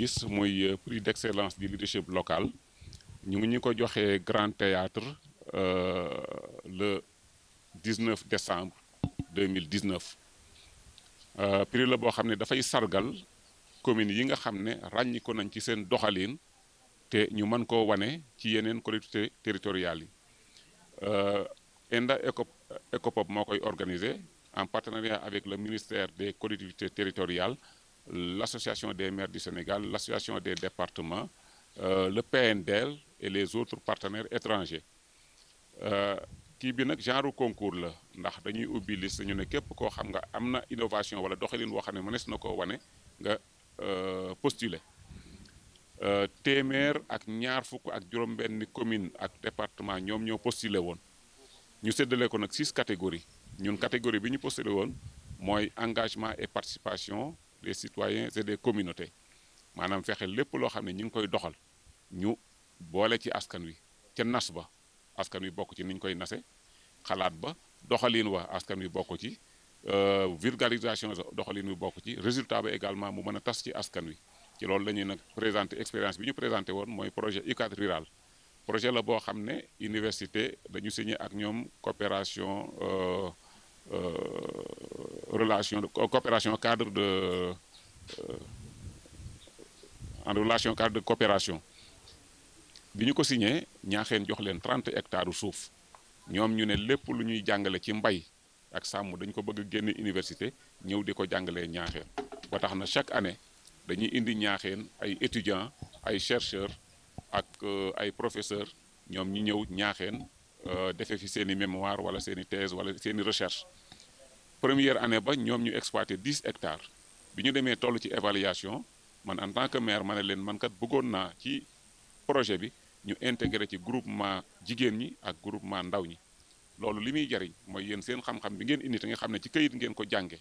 gis muy euh, prix d'excellence du leadership local ñu ngi ñu ko joxee Grand Théâtre euh, le 19 décembre 2019 euh, prix la boo xam ne dafay sargal communes yi nga xam ne ràññi ko nañ ci seen doxaliin te ñu mën koo wane ci yeneen collectivités territoriales yi ENDA ECO ECOPOP moo koy organisé en partenariat avec le ministère des collectivités territoriale l'association des maires du Sénégal, l'association des départements, euh, le PNDL et les autres partenaires étrangers euh, kii bi nag genre concours la ndax dañuy ubbi liste ñu ne képp koo xam nga am na innovation wala doxalin woo xam ne mënees na ko wane nga euh, postuler euh, téeméer ak ñaar fukk ak juróom-benni commune ak département ñoom ñoo postulé woon ñu séddale ko nag six catégories ñun catégorie bi ñu postulé woon mooy engagement et participation des citoyens et des communautés maanaam fexe lépp loo xam ne ñu ngi koy doxal ñu boole ci askan wi ca nas ba askan wi bokk ci ni ñu koy nase xalaat ba doxaliin wa askan wi bokk ci euh, vulgarisation doxaliin wi bokk ci résultat ba également mu mën a tas ci askan wi ci loolu la ñuy nag présenté expérience bi ñu présenté woon mooy projet UCAD rural projet la boo xam ne université dañu signé ak ñoom coopération euh, Euh, relation de coopération cadre de euh, en relation cadre de coopération bi ñu ko signé ñaaxeen jox leen trente hectares suuf ñoom ñu ne lépp lu ñuy jàngale ci mbay ak sàmm dañ ko bëgg a université ñëw di ko jàngalee ñaaxeen ba tax na chaque année dañuy indi ñaaxeen ay étudiants ay chercheurs ak euh, ay professeurs ñoom ñu ñëw ñaaxeen defee fi seeni i mémoire wala seen i thèse wala seeni recherche première année ba ñoom ñu expoité 10 hectares bi ñu demee toll ci évaluation man en tant que maire ma ne leen man kat bëggoon naa ci projet bi ñu intégré ci groupement jigéen ñi ak groupement ndaw ñi loolu li muy jariñ mooy yéen seen xam-xam bi ngeen indi te nga xam ne ci kayit ngeen ko jànge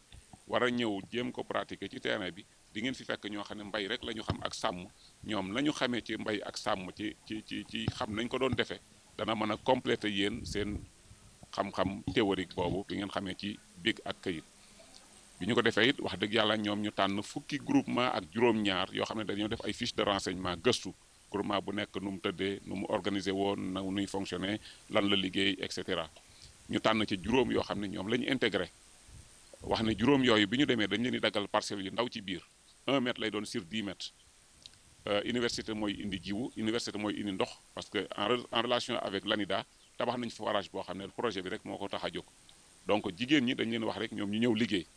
war a ñëw jéem ko pratiquer ci terrain bi di ngeen fi fekk ñoo xam ne mbay rek la ñu xam ak sàmm ñoom la ñu xamee ci mbay ak sàmm ci ci ci ci xam nañ ko doon defee dana mën a compléter yéen seen xam-xam théorique boobu bi ngeen xamee ci big ak këyit bi ñu ko defee it wax dëgg yàlla ñoom ñu tànn fukki groupement ak juróom-ñaar yoo xam ne dañoo def ay fiche de renseignement gëstu groupement bu nekk nu mu tëddee nu mu organiser woon na nuy fonctionner lan la liggéey et cetera ñu tànn ci juróom yoo xam ne ñoom la ñu intégré wax ne juróom yooyu bi ñu demee dañ leen di daggal parcelle yu ndaw ci biir 1 lay doon sur 10 euh, université mooy indi jiwu université mooy indi ndox parce que en relation avec l'ANIDA tabax nañ fa forage boo xam ne projet bi rek moo ko tax a jóg donc jigéen ñi dañ leen wax rek ñoom ñu ñëw liggéey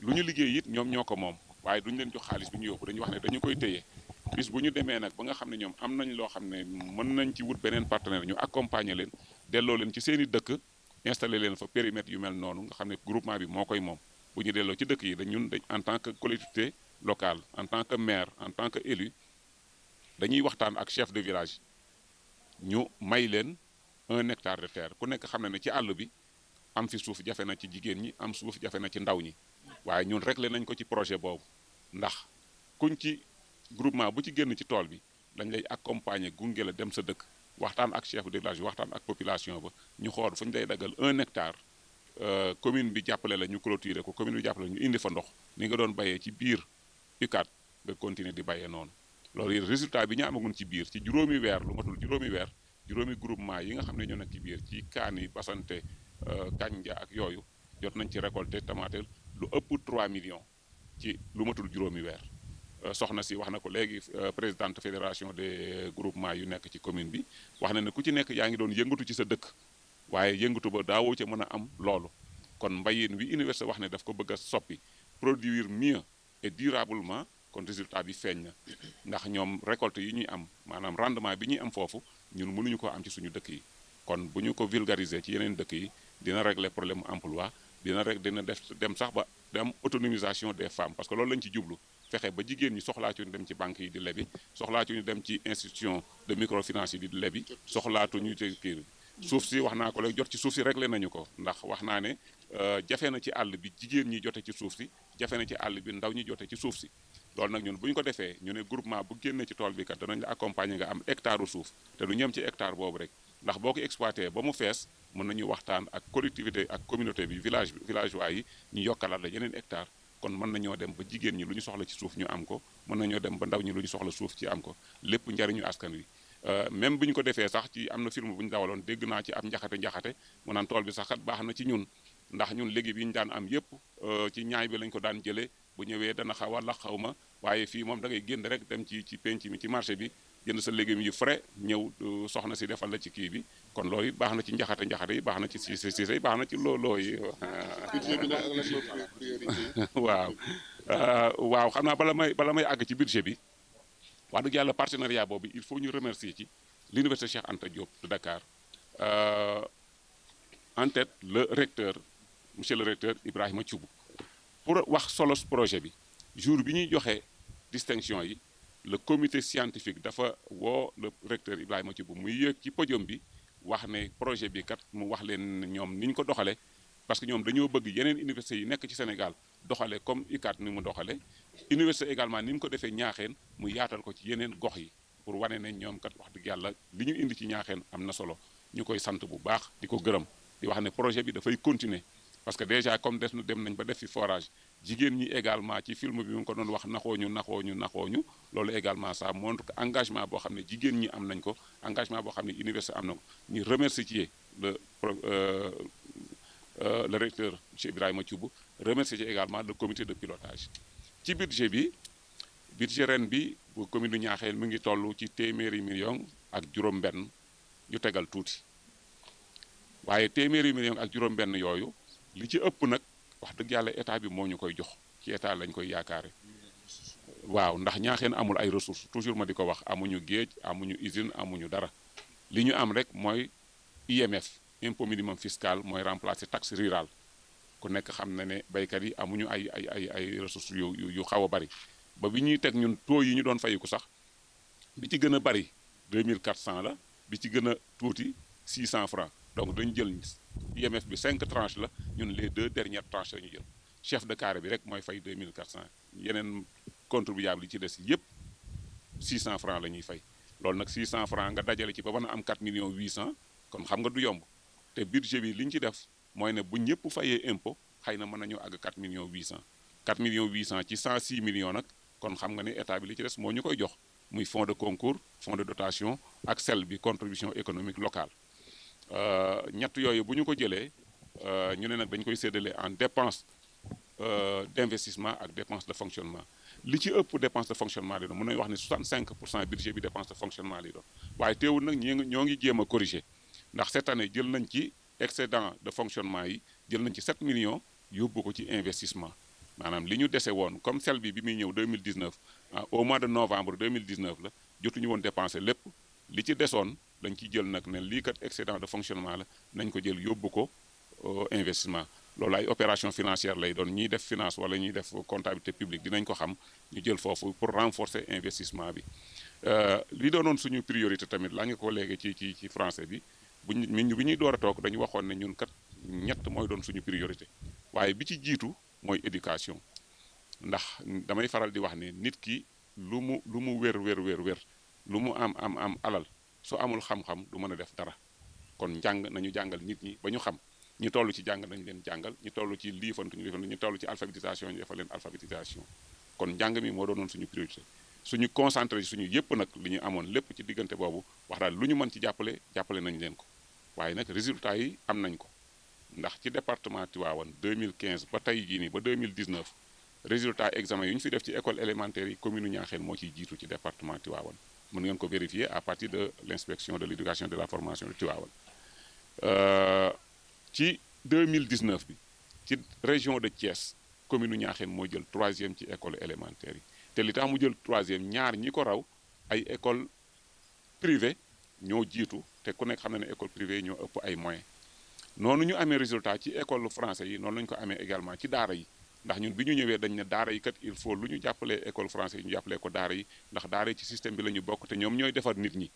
lu ñu liggéey it ñoom ñoo ko moom waaye duñu leen jox xaalis du ñu yóbbu dañuy wax ne dañu koy téye bis bu ñu demee nag ba nga xam ne ñoom am nañ loo xam ne mën nañ ci wut beneen partenaire ñu accompagner leen delloo leen ci seen dëkk installé leen fa périmètre yu mel noonu nga xam ne groupement bi moo koy moom bu ñu delloo ci dëkk yi dañ dañ en tant que collectivité locale en tant que maire en tant que élu dañuy waxtaan ak chef de village ñu may leen un hectare de terre ku nekk xam na ne ci àll bi am fi suuf jafe na ci jigéen ñi am suuf jafe na ci ndaw ñi waaye ñoon rek réglé nañ ko ci projet boobu ndax kuñ ci groupement bu ci génn ci tool bi dañ lay accompagner gunge la dem sa dëkk waxtaan ak chef de village waxtaan ak population ba ñu xool fu ñu lay daggal un hectare euh, commune bi jàppale la ñu clôturer ko commune bi jàppale la ñu indi fa ndox ni nga doon bayee ci biir UCAD nga continuer di bayee noonu loolu résultat bi ñu amagun ci biir ci juróomi weer lu matul juróomi weer juróomi groupement yi nga xam ne ñoo nekk ci biir ci kaani basante euh, kanja ak yooyu jot nañ ci récolter tamaate lu ëpp 3 millions ci lu matul juróomi weer euh, soxna si wax na ko léegi euh, présidente fédération des groupements yu nekk ci commune bi wax na ne ku ci nekk yaa ngi doon yëngatu ci sa dëkk waaye yëngatu ba daawoo ca mën a am loolu kon mbayin wi université wax ne daf ko bëgg a soppi produire mieux et durablement kon résultat bi feeñ na ndax ñoom récolte yi ñuy am maanaam rendement bi ñuy am foofu ñun mënuñu ko am ci suñu dëkk yi kon bu ñu ko vulgariser ci yeneen dëkk yi dina régler problème emploi dina rek dina def dem sax ba dem autonomisation des femmes parce que loolu lañ ci jublu fexe ba jigéen ñi soxlaatuñu dem ci banque yi di lebi soxlaatuñu dem ci institution de microfinance yi di lebi soxlaatuñu ci kii suuf si wax naa ko léegi jot ci suuf si réglé nañu ko ndax wax naa ne euh, jafe na ci àll bi jigéen ñi jote ci suuf si jafe na ci àll bi ndaw ñi jote ci suuf si loolu nag ñun bu ñu ko defee ñu ne groupement bu génnee ci tool bi kat danañ la accompagner nga am hectare suuf te du ñëm ci hectare boobu rek ndax boo ko exploité ba mu fees mën ñu waxtaan ak collectivité ak communauté bi village bi villageois yi ñu yokkalaat la yeneen hectare kon mën nañoo dem ba jigéen ñi lu ñu soxla ci suuf ñu am ko mën nañoo dem ba ndaw ñi lu ñu soxla suuf ci am ko lépp njariñu askan wi euh, même bu ñu ko defee sax ci am na firme bu ñu dawaloon dégg naa ci ab njaxate njaxate mu naan tool bi sax baax na ci ñun ndax ñun légumes yi ñu daan am yépp euh, ci ñaay bi lañ ko daan jëlee bu ñëwee dana xaw a lax xaw ma waaye fii moom da ngay génn rek dem ci ci penc mi ci marché bi jënd sa légumes yi frais ñëw soxna si defal la ci kii bi kon loolu baax na ci njaxate njaxate yi baax na ci si si yi baax na ci looloo yi uh, waaw xam naa bala may bala may àgg ci budget bi wax dëgg yàlla partenariat boobu il faut ñu remercier ci l'université Cheikh Anta Diop de Dakar uh, en tête le recteur monsieur le recteur Ibrahima Thioub pour wax solos projet bi jour bi ñuy joxe distinction yi le comité scientifique dafa woo le recteur Ibrahima ci bu muy yëg ci podium bi wax ne projet bi kat mu wax leen ñoom ni ñu ko doxalee parce que ñoom dañoo bëgg yeneen université yi nekk ci Sénégal doxale comme UCAD ni mu doxale université également ni mu ko defee ñaaxeen mu yaatal ko ci yeneen gox yi pour wane ne ñoom kat wax dëgg yàlla li ñu indi ci ñaaxeen am na solo ñu koy sant bu baax di ko gërëm di wax ne projet bi dafay continuer parce que déjà comme des nu dem nañ ba def fi forage jigéen ñi également ci film bi mu ko doon wax naxooñu naxooñu naxooñu loolu également ça montre que engagement boo xam ne jigéen ñi am nañ ko engagement boo xam ne université am na ko ñu remercier le euh, euh, le recteur monsieur Ibrahima Thioub remercier également le comité de pilotage ci budget bi budget ren bi bu commune du Niakhène mu ngi toll ci téeméeri million ak juróom-benn yu tegal tuuti waaye téeméeri million ak juróom yooyu li ci ëpp nag wax dëgg yàlla état bi moo ñu koy jox ci état lañ koy yaakaare waaw ndax ñaaxeen amul ay ressources toujours ma di ko wax amuñu géej amuñu usine amuñu dara li ñu am rek mooy IMF impôt minimum fiscal mooy remplacer tax rural ku nekk xam na ne baykat yi amuñu ay ay ay ay ressources yu yu xaw a bari ba bi ñuy teg ñun taux yi ñu doon fayiku sax bi ci gën a bari 2400 la bi ci gën a tuuti cent francs donc dañu jël UMF bi cinq tranches la ñun les deux dernières tranches la ñu jël chef de carré bi rek mooy fay 2400 yeneen contribuable yi ci des yëpp 600 francs la ñuy fay loolu nag 600 francs nga dajale ci ba mën a am 4 millions 800 kon xam nga du yomb te budget bi li ñu ci def mooy ne bu ñëpp fayee impôt xëy na mën nañu àgg 4 millions 800 4 millions 800 ci 106 millions nag kon xam nga ne état bi li ci des moo ñu koy jox muy fonds de concours fonds de dotation ak sel bi contribution économique locale Euh, ñett yooyu bu ñu ko jëlee euh, ñu ne nag dañu koy séddale en dépense euh, d' investissement ak dépense de fonctionnement li ci ëpp dépense de fonctionnement lay doon mën nañu wax ne 65 pour cent budget bi dépense de fonctionnement lay doon waaye teewul nag ñi ñoo ngi jéem a ndax cette année jël nañ ci excédent de fonctionnement yi jël nañ ci 7 millions yóbbu ko ci investissement maanaam li ñu dese woon comme sel bi bi muy ñëw 2019 ah, au mois de n 2019 la jotuñu dépensé lépp li ci desoon dañ ciy jël nag ne lii kat excédent de fonctionnement la nañ ko jël yóbbu ko euh, investissement loolu ay opération financière lay doon ñiy def finance wala ñuy def comptabilité publique dinañ ko xam ñu jël foofu pour renforcer investissement bi euh, li doonoon suñu priorité tamit laa ngi ko léegi ci ci ci français bi bu ñu bu ñuy door a toog dañu waxoon ne ñun kat ñett mooy doon suñu priorité waaye bi ci jiitu mooy éducation ndax damay faral di wax ni nit ki lu mu lu mu wér wér wér wér lu mu am am am alal su amul xam-xam du mën a def dara kon njàng nañu jàngal nit ñi ba ñu xam ñu tollu ci jàng nañu leen jàngal ñu toll ci liifantu ñu liifantu ñu toll ci alphabétisation ñu defal leen alphabétisation kon njàng mi moo doonoon suñu priorité suñu concentré suñu yëpp nag li ñu amoon lépp ci diggante boobu wax daal lu ñu mën ci jàppale jàppale nañu leen ko waaye nag résultat yi am nañ ko ndax ci département Tivaouane 2015 ba tey jii nii ba 2019 résultat examen yu ñu fi def ci école élémentaire yi commune Niakhène moo ciy jiitu mën ngeen ko vérifier à partir de l'inspection de l'éducation de la formation de Tivaouane euh, ci 2019 bi ci région de Thiès commune u Niakhène moo jël troisième ci école élémentaire yi te li tax mu jël troisième ñaar ñi ko raw ay école privée ñoo jiitu te ku nekk xam na ne école privée ñoo ëpp ay moyens noonu ñu amee résultat ci école français yi noonu lañu ko amee également ci daara yi ndax ñun bi ñu ñëwee dañ ne daara yi kat il faut lu ñu jàppalee école français yi ñu jàppalee ko daara yi ndax daara yi ci système bi la ñu bokk te ñoom ñooy defar nit ñi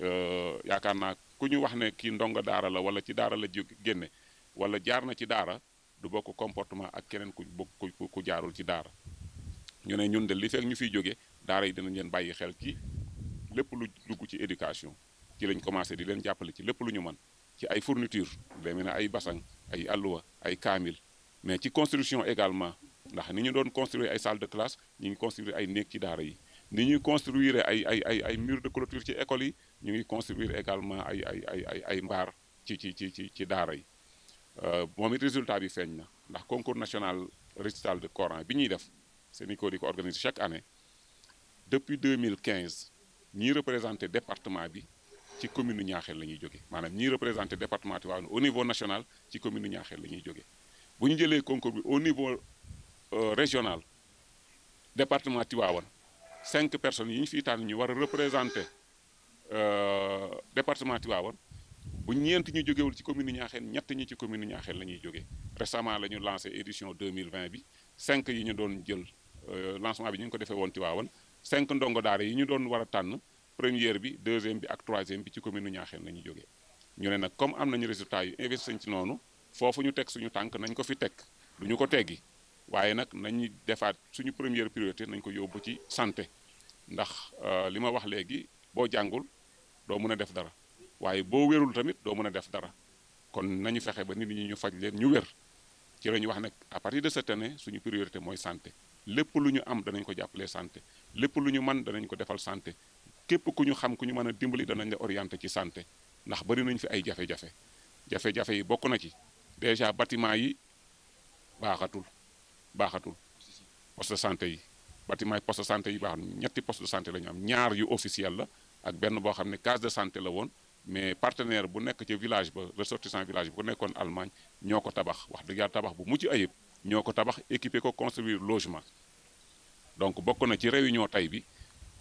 euh, yaakaar naa ku ñu wax ne kii ndongo daara la wala ci daara la jóg génne wala jaar na ci daara du bokk comportement ak keneen ku bokk ku jaarul ci daara ñu ne ñun de li fekk ñu fiy jóge daara yi dinañ leen bàyyi xel ci lépp lu dugg ci éducation ci lañ commencé di leen jàppale ci lépp lu ñu mën ci ay fourniture demee ne ay basang ay alluwa ay mais ci construction également ndax ni ñu doon construire ay salle de classe ñu ngi construire ay néeg ci daara yi ni ñuy construire ay ay ay ay mur de clôture ci école yi ñu ngi construire également ay ay mbaar ci ci ci ci ci daara yi euh, moom it résultat bi feeñ na ndax concours national récital de Coran bi ñuy def Senico di ko organise chaque année depuis 2015 ñiy représenté département bi ci commune Niakhène la ñuy jóge maanaam ñiy représenté département Tivaouane au niveau national ci commune Niakhène la ñuy jóge bu ñu jëlee concours bi au niveau euh, régional département tiwaawan cinq personnes yi ñu fiy tànn ñu war a représenter euh, département Tivaouane bu ñeent ñu jógewul ci commune Niakhène ñett ñu ci commune Niakhène la ñuy jógee récemment la ñu lancé édition 2020 bi cinq yi ñu doon jël euh, lancement bi ñu ngi ko defee woon Tivaouane cinq ndongo daara yi ñu doon war a tànn première bi deuxième bi ak troisième bi ci commune Niakhène la ñuy jógee ñu ne nag comme am nañu résultat yu investir ci noonu foofu ñu teg suñu tànk nañ ko fi teg du ñu ko teggi waaye nag nañu defaat suñu première priorité nañ ko yóbbu ci santé ndax euh, li ma wax léegi boo jàngul doo mën a def dara waaye boo wérul tamit doo mën a def dara kon nañu fexe ba nit ñi ñu faj leen ñu wér ci la ñu wax nag à de cette année suñu priorité mooy santé lépp lu ñu am danañ ko jàppale santé lépp lu ñu mën danañ ko defal santé képp ku ñu xam ku ñu mën a dimbali danañ la orienté ci santé ndax bari nañ fi ay jafe jafe-jafe yi bokk na ci déjà bâtiment yi baaxatul baaxatul poste de santé yi bâtiment yi poste de santé yi baaxatul ñetti poste de santé la ñu am ñaar yu officiel la ak benn boo xam ne case de santé la woon mais partenaire bu nekk ca village ba ressortissant village bu nekkoon Allemagne ñoo ko tabax wax dëgg tabax bu mucc ayib ñoo ko tabax équipé ko construire logement donc bokk na ci réunion tey bi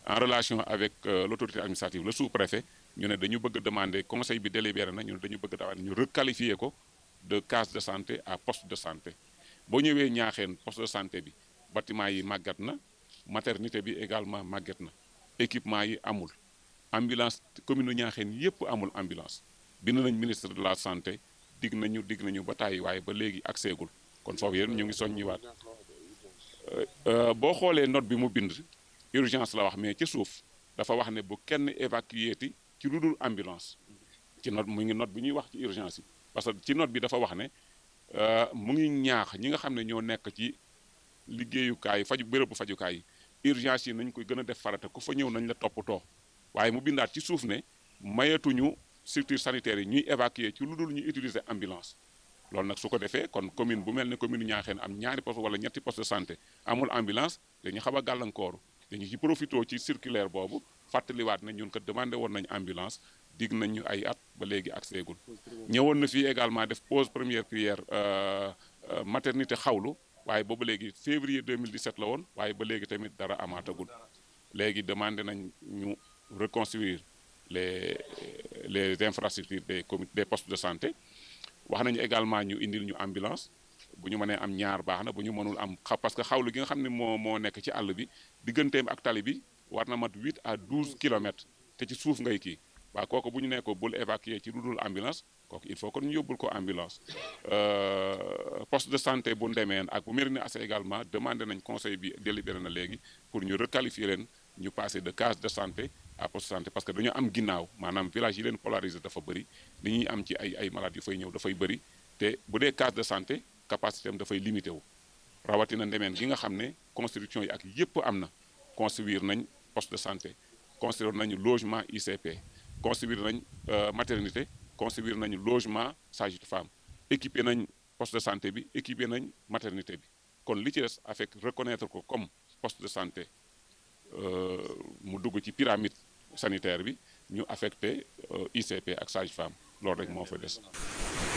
en relation avec euh, l'autorité administrative la sous-préfet ñu ne dañu bëgg demander conseil bi délibéré na ñu dañu bëgg demander ñu requalifier ko de case de santé à poste de santé boo ñëwee ñaaxeen poste de santé bi bâtiment yi màggat na maternité bi également màggat na équipement yi amul ambulance commune ñaaxeen yépp amul ambulance bind nañ ministre de la santé digg nañu digg nañu ba tàyyi waaye ba léegi agseegul kon foofu yéen ñu ngi soññiwaat euh, euh, boo xoolee note bi mu bind urgence la wax mais ci suuf dafa wax ne bu kenn évacué ci lu dul ambulance ci note mu ngi note bu ñuy wax ci urgence yi parce que ci note bi dafa wax ne euh, mu ngi ñaax ñi nga xam ne ñoo nekk ci liggéeyukaay faju bérébu fajukaay urgence yi nañ koy gën a def farata ku fa ñëw nañ la toppatoo waaye mu bindaat ci suuf ne ñu structure sanitaire yi ñuy évacuer ci lu dul ñu utiliser ambulance loolu nag su ko defee kon commune bu mel ne commune Niakhène am ñaari poste wala ñetti poste de santé amul ambulance dañu xaw gàllankoor dañu ci profité ci circulaire boobu fàttaliwaat na ñun kat demandé woon nañ ambulance digg nañ ay at léegi ak seegul ñëwoon na fii également def pause première prière euh, euh, maternité xawlu waaye ba ba léegi février 2017 la woon waaye ba léegi tamit dara amaatagul léegi demandé nañ ñu reconstruire les les infrastructures des comités des postes de santé wax nañu également ñu indil ñu ambulance bu ñu mënee am ñaar baax na bu ñu mënul am parce que xawlu gi nga xam ne moo moo nekk ci àll bi digganteem ak tali bi war na mat 8 à 12 kilomètres te ci suuf ngay kii waaw kooku bu ñu nee ko bul évacuer ci lu dul ambulance kooku il faut que ñu yóbbul ko ambulance euh, poste de santé bu Ndemeen ak bu Mérina Assé également demandé nañ conseil bi délibéré na léegi pour ñu requalifier leen ñu passer de case de santé à poste de santé parce que dañoo am ginnaaw maanaam village yi leen polarisé dafa bëri li ñuy am ci ay ay malades yu fay ñëw dafay bëri te bu dee case de santé capacité dafay limité rawatina Ndemeen gi nga xam ne construction yi ak yépp am na construire nañ poste de santé construire nañu logement ICP construire nañ euh, maternité construire nañ logement sage-femme équipé nañ poste de santé bi équipé nañ maternité bi kon li ci des avec reconnaître ko comme poste de santé euh, mu dugg ci pyramide sanitaire bi ñu affecté euh, ICP ak sage-femme loolu rek moo fa des.